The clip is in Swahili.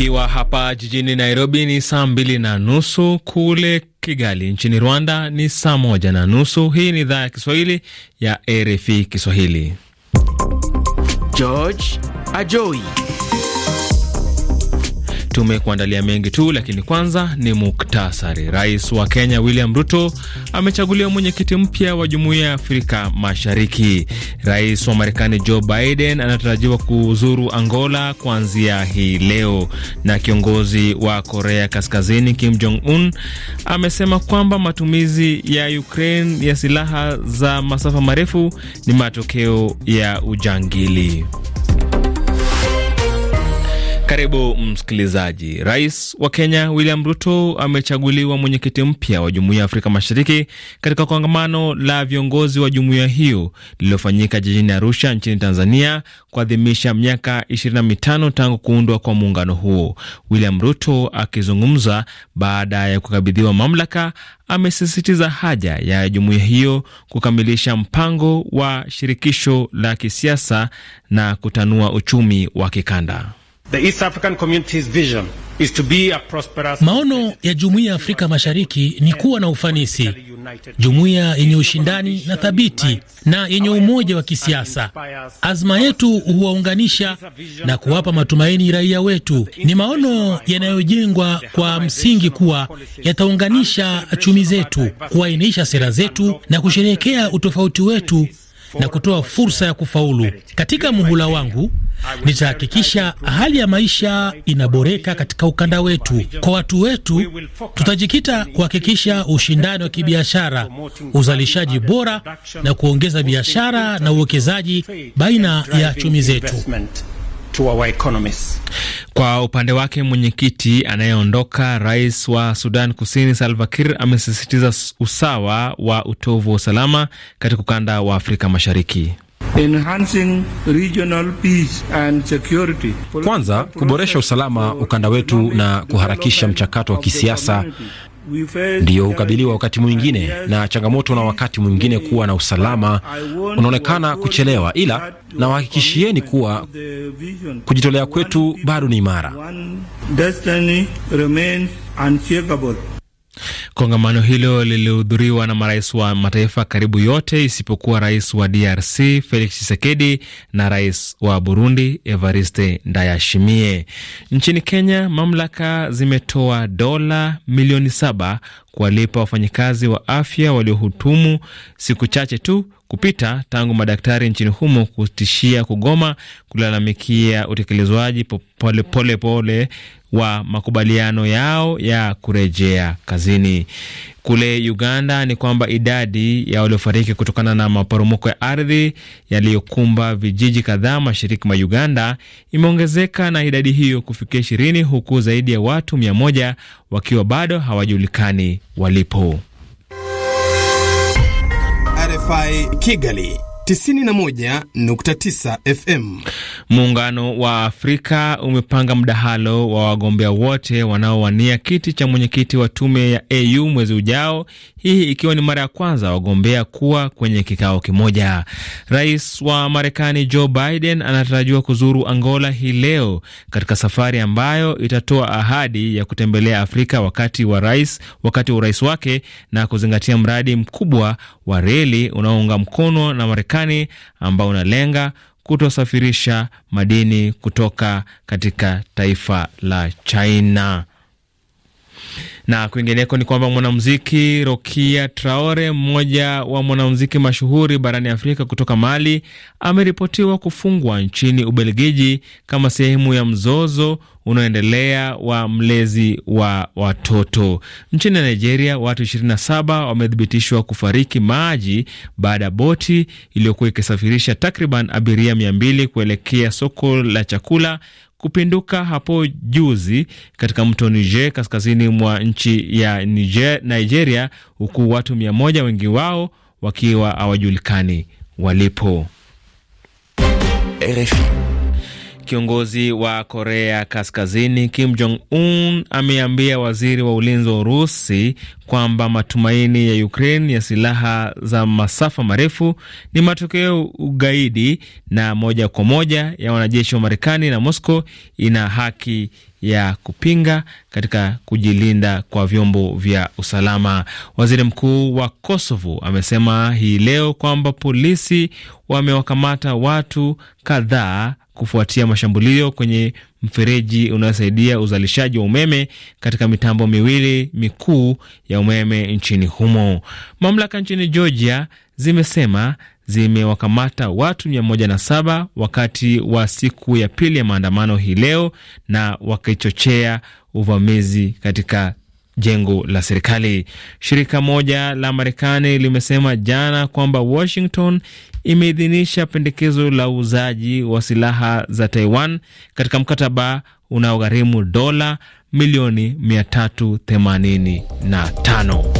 Ikiwa hapa jijini Nairobi ni saa mbili na nusu, kule Kigali nchini Rwanda ni saa moja na nusu. Hii ni idhaa ya Kiswahili ya RFI Kiswahili. George Ajoi Tumekuandalia mengi tu, lakini kwanza ni muktasari. Rais wa Kenya William Ruto amechaguliwa mwenyekiti mpya wa Jumuiya ya Afrika Mashariki. Rais wa Marekani Joe Biden anatarajiwa kuzuru Angola kuanzia hii leo, na kiongozi wa Korea Kaskazini Kim Jong Un amesema kwamba matumizi ya Ukraine ya silaha za masafa marefu ni matokeo ya ujangili. Karibu msikilizaji. Rais wa Kenya William Ruto amechaguliwa mwenyekiti mpya wa Jumuiya ya Afrika Mashariki katika kongamano la viongozi wa jumuiya hiyo lililofanyika jijini Arusha nchini Tanzania kuadhimisha miaka 25 tangu kuundwa kwa muungano huo. William Ruto akizungumza baada ya kukabidhiwa mamlaka amesisitiza haja ya jumuiya hiyo kukamilisha mpango wa shirikisho la kisiasa na kutanua uchumi wa kikanda. The East African Community's vision is to be a prosperous... Maono ya Jumuiya ya Afrika Mashariki ni kuwa na ufanisi, jumuiya yenye ushindani na thabiti na yenye umoja wa kisiasa. Azma yetu huwaunganisha na kuwapa matumaini raia wetu. Ni maono yanayojengwa kwa msingi kuwa yataunganisha chumi zetu, kuainisha sera zetu na kusherehekea utofauti wetu na kutoa fursa ya kufaulu. Katika muhula wangu nitahakikisha hali ya maisha inaboreka katika ukanda wetu. Kwa watu wetu, tutajikita kuhakikisha ushindani wa kibiashara, uzalishaji bora na kuongeza biashara na uwekezaji baina ya chumi zetu. Kwa upande wake mwenyekiti anayeondoka rais wa Sudan Kusini Salva Kiir amesisitiza usawa wa utovu wa usalama katika ukanda wa Afrika Mashariki. Enhancing regional peace and security. Kwanza, kuboresha usalama ukanda wetu na kuharakisha mchakato wa kisiasa ndiyo hukabiliwa wakati mwingine na changamoto, na wakati mwingine kuwa na usalama unaonekana kuchelewa, ila nawahakikishieni kuwa kujitolea kwetu bado ni imara. Kongamano hilo lilihudhuriwa na marais wa mataifa karibu yote isipokuwa rais wa DRC Felix Tshisekedi na rais wa Burundi Evariste Ndayishimiye. Nchini Kenya, mamlaka zimetoa dola milioni saba kuwalipa wafanyikazi wa afya waliohutumu siku chache tu kupita tangu madaktari nchini humo kutishia kugoma kulalamikia utekelezwaji polepole pole wa makubaliano yao ya kurejea kazini. Kule Uganda ni kwamba idadi ya waliofariki kutokana na maporomoko ya ardhi yaliyokumba vijiji kadhaa mashariki mwa Uganda imeongezeka na idadi hiyo kufikia ishirini huku zaidi ya watu mia moja wakiwa bado hawajulikani walipo. RFI Kigali 91.9 FM. Muungano wa Afrika umepanga mdahalo wa wagombea wote wanaowania kiti cha mwenyekiti wa tume ya AU mwezi ujao, hii ikiwa ni mara ya kwanza wagombea kuwa kwenye kikao kimoja. Rais wa Marekani Joe Biden anatarajiwa kuzuru Angola hii leo katika safari ambayo itatoa ahadi ya kutembelea Afrika wakati wa rais, wakati wa urais wake na kuzingatia mradi mkubwa wa reli unaounga mkono na Marekani Marekani ambao unalenga kutosafirisha madini kutoka katika taifa la China. Na kwingineko ni kwamba mwanamuziki Rokia Traore, mmoja wa mwanamuziki mashuhuri barani Afrika kutoka Mali, ameripotiwa kufungwa nchini Ubelgiji kama sehemu ya mzozo unaoendelea wa mlezi wa watoto. Nchini Nigeria, watu 27 wamethibitishwa kufariki maji baada ya boti iliyokuwa ikisafirisha takriban abiria 200 kuelekea soko la chakula kupinduka hapo juzi katika mto Niger kaskazini mwa nchi ya Niger, Nigeria, huku watu mia moja wengi wao wakiwa hawajulikani walipo. RFI. Kiongozi wa Korea Kaskazini Kim Jong Un ameambia waziri wa ulinzi wa Urusi kwamba matumaini ya Ukraine ya silaha za masafa marefu ni matokeo ugaidi na moja kwa moja ya wanajeshi wa Marekani, na Moscow ina haki ya kupinga katika kujilinda kwa vyombo vya usalama. Waziri mkuu wa Kosovo amesema hii leo kwamba polisi wamewakamata watu kadhaa kufuatia mashambulio kwenye mfereji unayosaidia uzalishaji wa umeme katika mitambo miwili mikuu ya umeme nchini humo. Mamlaka nchini Georgia zimesema zimewakamata watu 107 wakati wa siku ya pili ya maandamano hii leo na wakichochea uvamizi katika jengo la serikali. Shirika moja la Marekani limesema jana kwamba Washington imeidhinisha pendekezo la uuzaji wa silaha za Taiwan katika mkataba unaogharimu dola milioni 385.